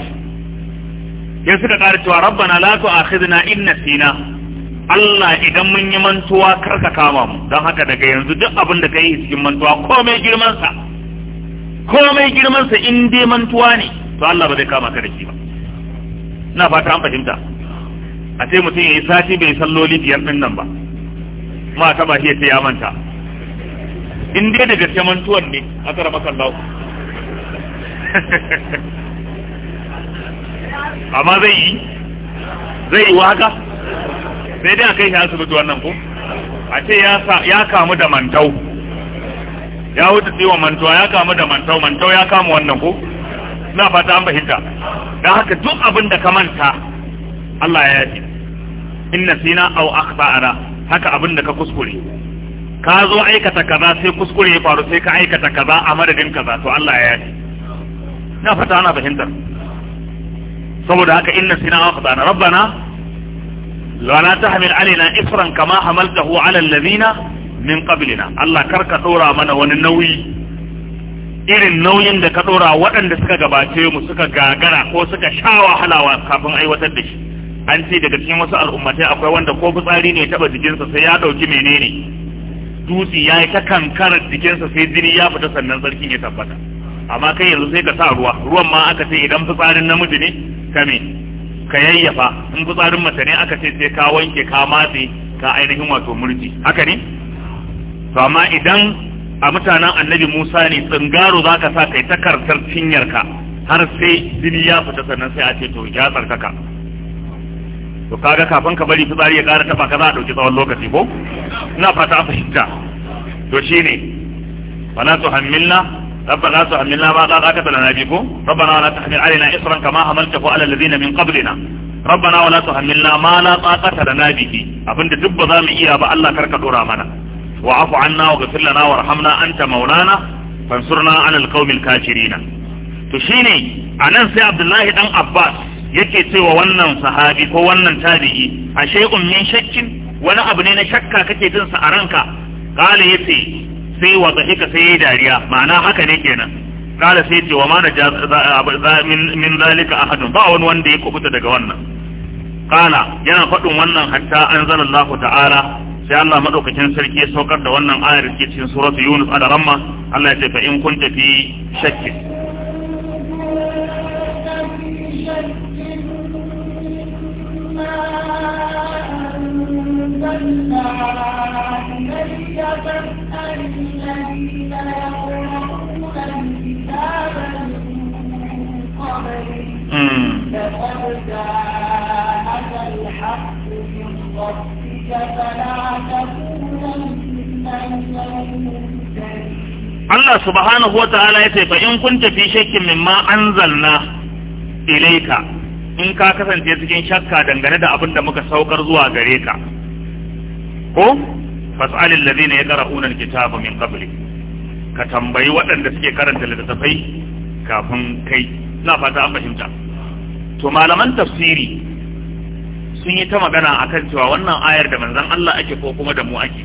ya suka ƙara cewa rabbana la tu'akhidna in nasina Allah idan mun yi mantuwa kar ka kama mu don haka daga yanzu duk abin da ka yi cikin mantuwa komai girman sa komai girman sa in dai mantuwa ne to Allah ba zai kama ka da shi ba ina fata an fahimta a ce mutum ya yi sati bai salloli biyar din nan ba ma ta ba shi ya manta in dai da gaske mantuwan ne a tsara makan amma zai yi zai yi waka sai dai a kai shi asibiti wannan ko a ce ya kamu da mantau ya wuce tsiwon mantuwa ya kamu da mantau mantau ya kamu wannan ko na fata an fahimta da haka duk abin da ka manta Allah ya yafi in nasina aw akhta'ana haka abin da ka kuskure ka zo aikata kaza sai kuskure ya faru sai ka aikata kaza a madadin kaza to Allah ya yi na fata ana fahimtar saboda haka inna sina wa khatana rabbana la tahmil alaina isran kama hamaltahu ala alladhina min qablina Allah karka dora mana wani nauyi irin nauyin da ka dora waɗanda suka gabace mu suka gagara ko suka sha wahalawa kafin aiwatar da shi an ce daga cikin wasu al'ummatai akwai wanda ko fitsari ne taɓa jikinsa sai ya ɗauki menene dutse ya yi ta kankarar jikinsa sai jini ya fita sannan sarkin ya tabbata amma kai yanzu sai ka sa ruwa ruwan ma aka ce idan fitsarin namiji ne ka me ka yayyafa in fitsarin mace ne aka ce sai ka wanke ka matse ka ainihin wato murji haka ne to amma idan a mutanen annabi Musa ne tsingaro zaka sa kai ta cinyar cinyarka har sai jini ya fita sannan sai a ce to ya tsarkaka to kaga kafin ka bari fitsari ya kara taba ka za a dauki tsawon lokaci ko ina fata fahimta to shine fala tuhammilna ربنا تحملنا ما طاقة لنا به ربنا ولا تحمل علينا إصرا كما حملته على الذين من قبلنا ربنا ولا تحملنا ما لا طاقة لنا به أبن دب ظام إيابا الله كرك دورا منا وعفو عنا وغفر لنا ورحمنا أنت مولانا فانصرنا على القوم الكافرين تشيني أنا سي عبد الله بن عباس yake cewa wannan sahabi ko wannan tabi'i a shay'un min shakkin wani abu ne na shakka kake jin sa a ranka qala yace sai wa dhahika sai dariya ma'ana haka ne kenan kala sai ce wa ma na min zalika ahadun ba wani wanda ya kubuta daga wannan kala yana faɗin wannan hatta anzalallahu ta'ala sai Allah madaukakin sarki ya saukar da wannan ayar ke cikin suratul Yunus ala ramma Allah ya ce fa in kunta fi shakki Thank you. Allah subhanahu wa ta'ala ya ce fa in kun tafi shakkin mimma anzalna ilaika in ka kasance cikin shakka dangane da abin da muka saukar zuwa gare ka ko fas'alil ladina yaqra'una alkitaba min qabli ka tambayi waɗanda suke karanta littattafai kafin kai na fata an fahimta to malaman tafsiri sun yi ta magana a kan cewa wannan ayar da manzan Allah ake ko kuma da mu ake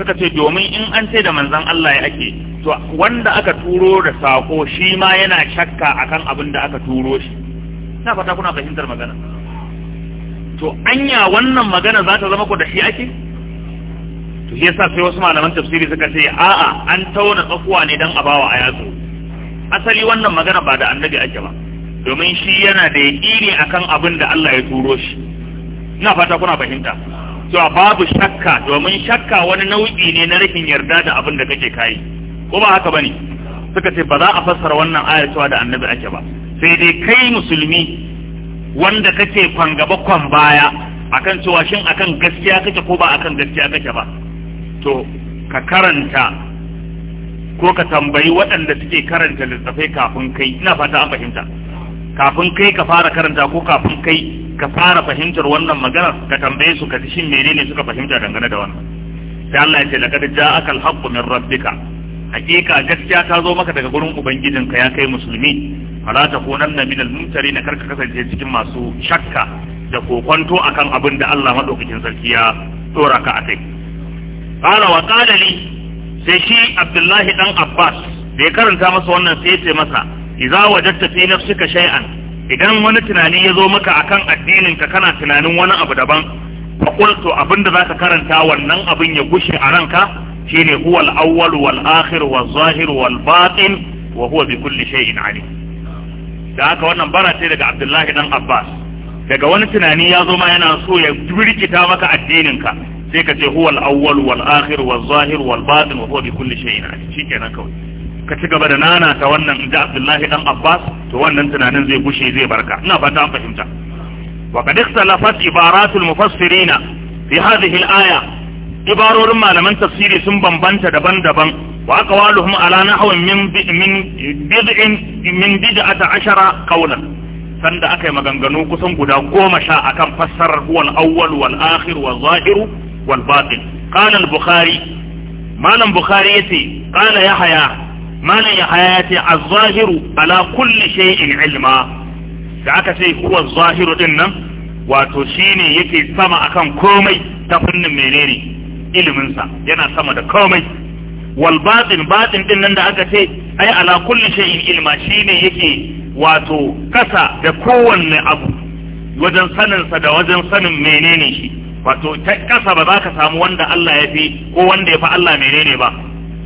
suka ce domin in an ce da manzan Allah ya ake to wanda aka turo da sako shi ma yana shakka akan abin da aka turo shi na fata kuna fahimtar magana to anya wannan magana za ta zama ku da shi ake to shi yasa sai wasu malaman tafsiri suka ce a'a an tauna tsakuwa ne dan abawa a yatsu asali wannan magana ba da annabi ake ba domin shi yana da yaƙini akan abin da Allah ya turo shi ina fata kuna fahimta cewa babu shakka domin shakka wani nau'i ne na rashin yarda da abin da kake kai ko ba haka bane suka ce ba za a fassara wannan ayar cewa da annabi ake ba sai dai kai musulmi wanda kake kwan gaba kwan baya akan cewa shin akan gaskiya kake ko ba akan gaskiya kake ba to ka karanta ko ka tambayi waɗanda suke karanta littafai kafin kai ina fata an fahimta kafin kai ka fara karanta ko kafin kai ka fara fahimtar wannan maganar ka tambaye su ka ji shin menene suka fahimta dangane da wannan sai Allah ya ce laqad ja'aka al-haqqu min rabbika hakika gaskiya ta zo maka daga gurin ubangijinka ya kai musulmi fala ta kunanna min al-mumtari na karka kasance cikin masu shakka da kokonto akan abin da Allah madaukakin sarki ya dora ka akai qala wa qala sai shi Abdullahi dan Abbas da ya karanta masa wannan sai ya ce masa idza wajadta fi nafsika shay'an idan wani tunani ya zo maka akan addinin ka kana tunanin wani abu daban fa qultu abinda zaka karanta wannan abin ya gushe a ranka shine huwa al-awwal wal akhir wal zahir wal batin wa huwa bi kulli shay'in alim da haka wannan bara ce daga Abdullahi dan Abbas daga wani tunani ya zo ma yana so ya birkita maka addinin ka sai ka ce huwa al-awwal wal akhir wal zahir wal batin wa huwa bi kulli shay'in alim shikenan kawai ka ci gaba da nana ta wannan da Abdullahi dan Abbas to wannan tunanin zai gushe zai barka ina fata an fahimta wa qad ikhtalafat ibaratul mufassirina fi hadhihi al-aya ibarorin malaman tafsiri sun bambanta daban-daban wa aqwaluhum ala nahwin min min bid'in min bid'ata ashara qawlan sanda aka maganganu kusan guda goma sha akan fassarar huwal awwal wal akhir wal zahiru wal batin qala al bukhari malam bukhari yace qala yahya malam yahya yace az zahiru ala kulli shay'in ilma da aka ce huwa zahiru dinnan wato shine yake sama akan komai ta fannin menene iliminsa yana sama da komai wal batin batin din nan da aka ce ai ala kulli shay'in ilma shine yake wato kasa da kowanne abu wajen saninsa da wajen sanin menene shi wato ta kasa ba za ka samu wanda Allah ya fi ko wanda ya fi Allah menene ba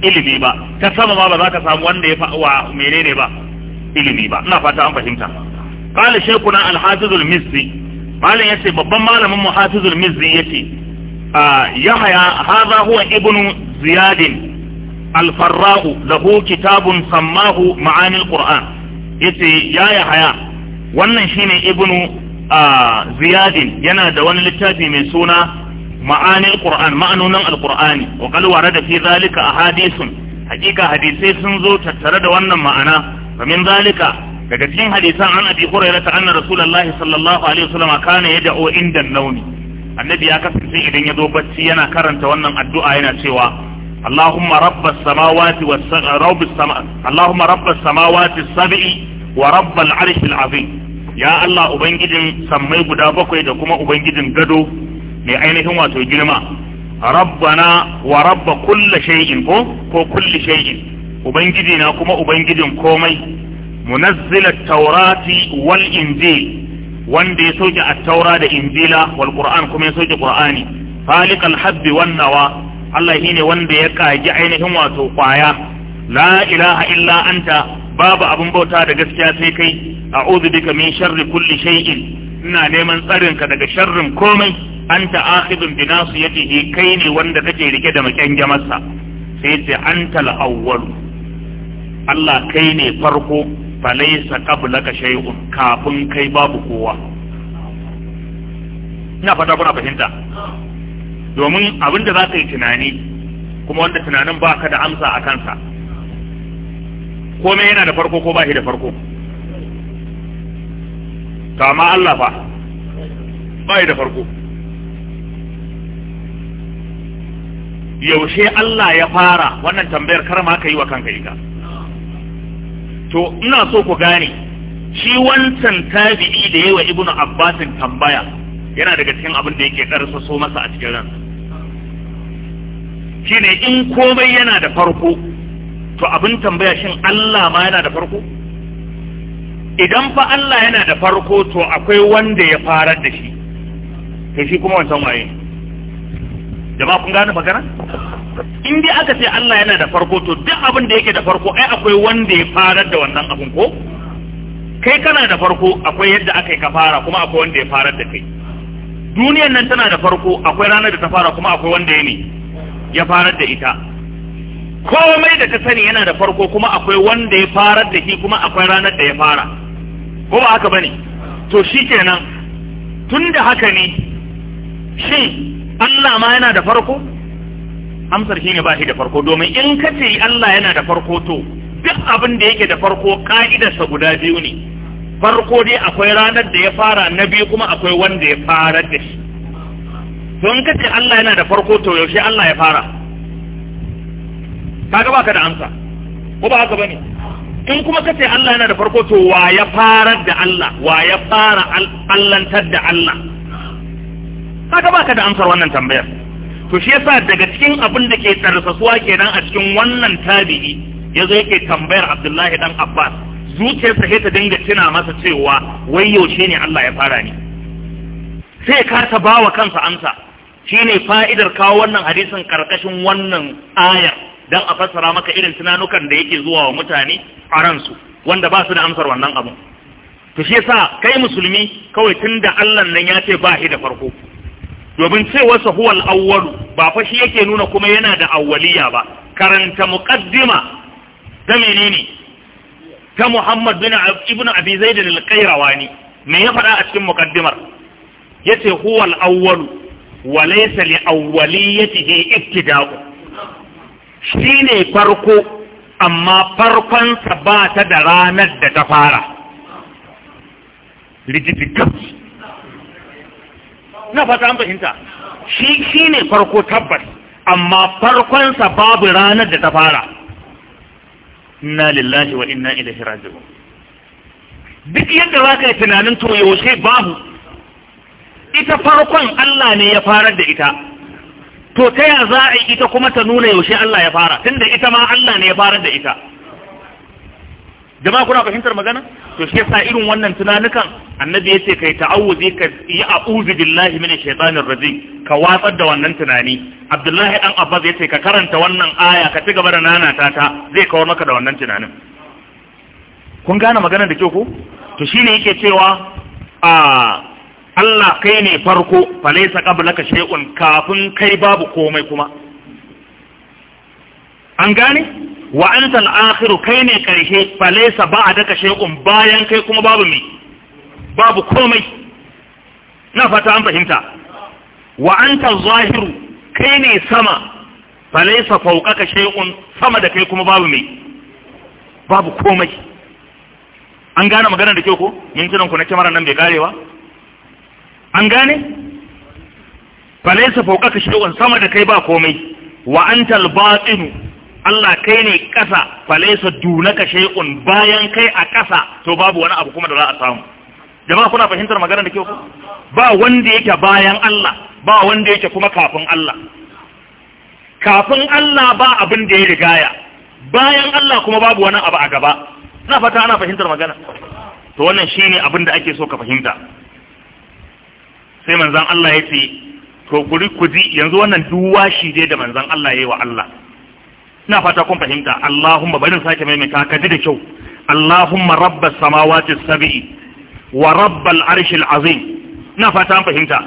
ilimi ba ta sama ma ba za ka samu wanda ya fi wa menene ba ilimi ba ina fata an fahimta qala shaykhuna al-hafiz al-mizzi malam yace babban malamin mu hafiz al-mizzi yace يحيى هذا هو ابن زياد الفراء له كتاب سماه معاني القرآن يتي يا يحيى wannan shine ibnu ziyadin yana da wani littafi mai suna ma'anil qur'an ma'anonin alqur'ani wa qad warada fi zalika ahadithun hakika hadisai sun zo tattare da wannan ma'ana famin zalika daga cikin hadisan an abi hurairah anna rasulullahi sallallahu alaihi wasallam kana yad'u inda nauni annabi ya kasance idan ya zo bacci yana karanta wannan addu'a yana cewa Allahumma rabbas samawati was rabbis sama Allahumma rabbas samawati sab'i wa rabbal arshil azim ya Allah ubangijin sammai guda bakwai da kuma ubangijin gado mai ainihin wato girma rabbana wa rabba kulli shay'in ko ko kulli shay'in ubangijina kuma ubangijin komai munazzil at-taurati wal injil wanda ya soke at-taura da injila wal qur'an kuma ya soke qur'ani khaliqal habbi wan nawa Allah shine wanda ya kaji ainihin wato kwaya la ilaha illa anta babu abun bauta da gaskiya sai kai a'udhu bika min sharri kulli shay'in ina neman tsarin ka daga sharrin komai anta akhidun bi nasiyatihi kai ne wanda kake rike da makyangamarsa sai ce antal awwal Allah kai ne farko falaisa qablaka shay'un kafin kai babu kowa ina fata kuna fahimta domin abin da za ka yi tunani kuma wanda tunanin ba ka da amsa a kansa komai yana da farko ko ba shi da farko kama Allah fa ba shi da farko yaushe Allah ya fara wannan tambayar kar ma ka yi wa kanka ita to ina so ku gane shi wancan tabi'i da yawa ibnu abbas tambaya yana daga cikin abin da yake karsa so masa a cikin Shi shine in komai yana da farko to abin tambaya shin Allah ma yana da farko idan fa Allah yana da farko to akwai wanda ya farar da shi to shi kuma wancan waye jama'a kun gane magana in dai aka ce Allah yana da farko to duk abin da yake da farko ai akwai wanda ya farar da wannan abin ko kai kana da farko akwai yadda aka yi ka fara kuma akwai wanda ya farar da kai duniyan nan tana da farko akwai ranar da ta fara kuma akwai wanda ya ne ya farar da ita komai da ka sani yana da farko kuma akwai wanda ya farar da shi kuma akwai ranar da ya fara ko ba haka bane to shikenan tun da haka ne shin Allah ma yana da farko amsar shine ba shi da farko domin in ka ce Allah yana da farko to duk abin da yake da farko ka'idarsa guda biyu ne farko dai akwai ranar da ya fara na biyu kuma akwai wanda ya fara da shi to in ka ce Allah yana da farko to yaushe Allah ya fara kaga baka da amsa ko ba haka bane in kuma ka ce Allah yana da farko to wa ya fara da Allah wa ya fara allantar da Allah kaga baka da amsar wannan tambayar to shi yasa daga cikin abin da ke tarsasuwa kenan a cikin wannan tabi'i zo yake tambayar Abdullahi dan Abbas zuciyarsa sa ta dinga tuna masa cewa wai yaushe ne Allah ya fara ni sai ka ta bawa kansa amsa shine fa'idar kawo wannan hadisin karkashin wannan ayar dan a fassara maka irin tunanukan da yake zuwa wa mutane a ransu wanda ba su da amsar wannan abun. to shi yasa kai musulmi kawai tunda Allah nan ya ce ba shi da farko domin cewarsa huwal awwalu ba fa shi yake nuna kuma yana da awwaliya ba karanta muqaddima ta menene ta Muhammad bin Ibn Abi Zaid al-Qayrawani me ya faɗa a cikin muqaddimar yace huwal awwalu wa laysa li awwaliyatihi ibtida'u shine farko amma farkon sa ba ta da ranar da ta fara rigidi na fata an fahimta shi shi ne farko tabbas amma farkonsa babu ranar da ta fara na lillahi wa inna ilaihi raji'un duk yadda za ka yi tunanin to yaushe babu ita farkon Allah ne ya farar da ita to ta ya za a yi ita kuma ta nuna yaushe Allah ya fara tunda ita ma Allah ne ya farar da ita jama'a kuna fahimtar magana to shi yasa irin wannan tunanukan annabi yace ce kai ta'awuzi ka yi a'udhu billahi minash shaitanir rajim ka watsar da wannan tunani abdullahi dan abbas yace ce ka karanta wannan aya ka ci gaba da nanata ta zai kawar maka da wannan tunanin kun gane magana da kyau ko to shine yake cewa a Allah kai ne farko falaisa qablaka shay'un kafin kai babu komai kuma an gane wa anta al-akhiru kai ne karshe fa laysa daka shekun bayan kai kuma babu me babu komai na fata an fahimta wa anta zahiru kai ne sama fa laysa fawqaka shay'un sama da kai kuma babu mai babu komai an gane magana da ke ko mintunan ku na kyamara nan bai karewa an gane fa laysa fawqaka shay'un sama da kai ba komai wa anta al-batinu Allah kai ne ƙasa falaisa dunaka shaikun bayan kai a ƙasa to babu wani abu kuma da za a samu jama'a kuna fahimtar magana da kyau ba wanda yake bayan Allah ba wanda yake kuma kafin Allah kafin Allah ba abin da ya rigaya bayan Allah kuma babu wani abu a gaba na fata ana fahimtar magana to wannan shine abin da ake so ka fahimta sai manzan Allah ya ce to kuri kuji yanzu wannan duwashi dai da manzan Allah ya yi wa Allah ina fata kun fahimta Allahumma barin sake maimaita ka ji da kyau Allahumma rabbas samawati sab'i wa rabbal arshil azim ina fata an fahimta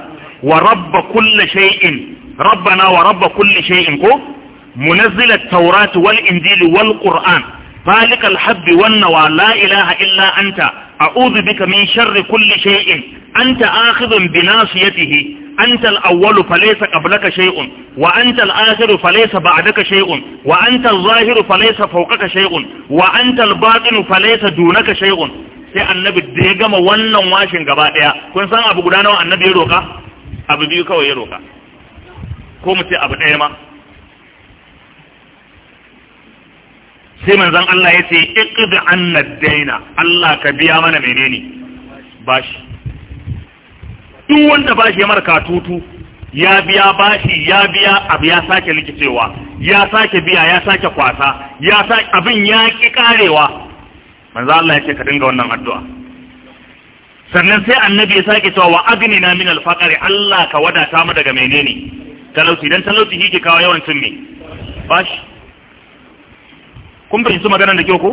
wa rabb kulli shay'in rabbana wa rabb kulli shay'in ko منزل التوراة والإنجيل والقرآن فالق الحب والنوى لا إله إلا أنت أعوذ بك من شر كل شيء أنت آخذ بناصيته أنت الأول فليس قبلك شيء وأنت الآخر فليس بعدك شيء وأنت الظاهر فليس فوقك شيء وأنت الباطن فليس دونك شيء sai annabi da ya gama wannan washin gaba daya kun san abu guda nawa annabi ya roka abu biyu kawai ya roka ko mu ce abu daya ma sai manzon Allah ya ce iqdi anna daina Allah ka biya mana menene bashi duk wanda bashi ya marka tutu ya biya bashi ya biya abu ya sake likicewa ya sake biya ya sake kwasa ya sake abin ya ki karewa manzo Allah ya ce ka dinga wannan addu'a sannan sai annabi ya sake cewa wa agni na min alfaqari Allah ka wadata mu daga menene talauci dan talauci yake kawo yawan cin bashi kun fahimci maganar da kyau ko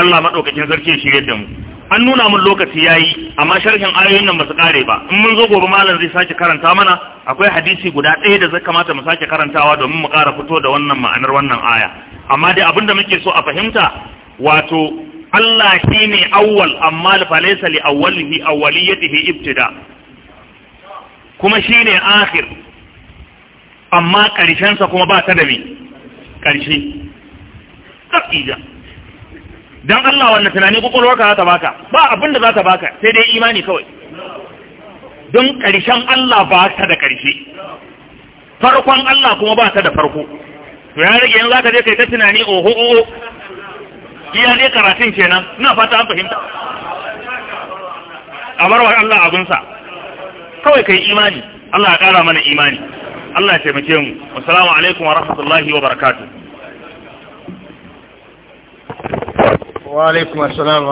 Allah madaukakin sarki ya shirye da mu an nuna mun lokaci yayi amma sharhin ayoyin nan ba su kare ba in mun zo gobe malam zai sake karanta mana akwai hadisi guda ɗaya da zai kamata mu sake karantawa domin mu ƙara fito da wannan ma'anar wannan aya amma dai abin da muke so a fahimta wato Allah shi ne awwal amma fa awali li awwalihi awwaliyatihi ibtida kuma shi shine akhir amma sa kuma ba ta da me ƙarshe da dan Allah wannan tunani kokolwarka za ta baka ba abin da za ta baka sai dai imani kawai don karshen Allah ba ta da karshe farkon Allah kuma ba ta da farko to ya rage yanzu zaka je kai ta tunani oho oho iya ne karatun kenan ina fata an fahimta a barwar Allah abinsa kawai kai imani Allah ya kara mana imani Allah ya taimake mu assalamu alaikum wa rahmatullahi wa barakatuh Wa alaikum assalam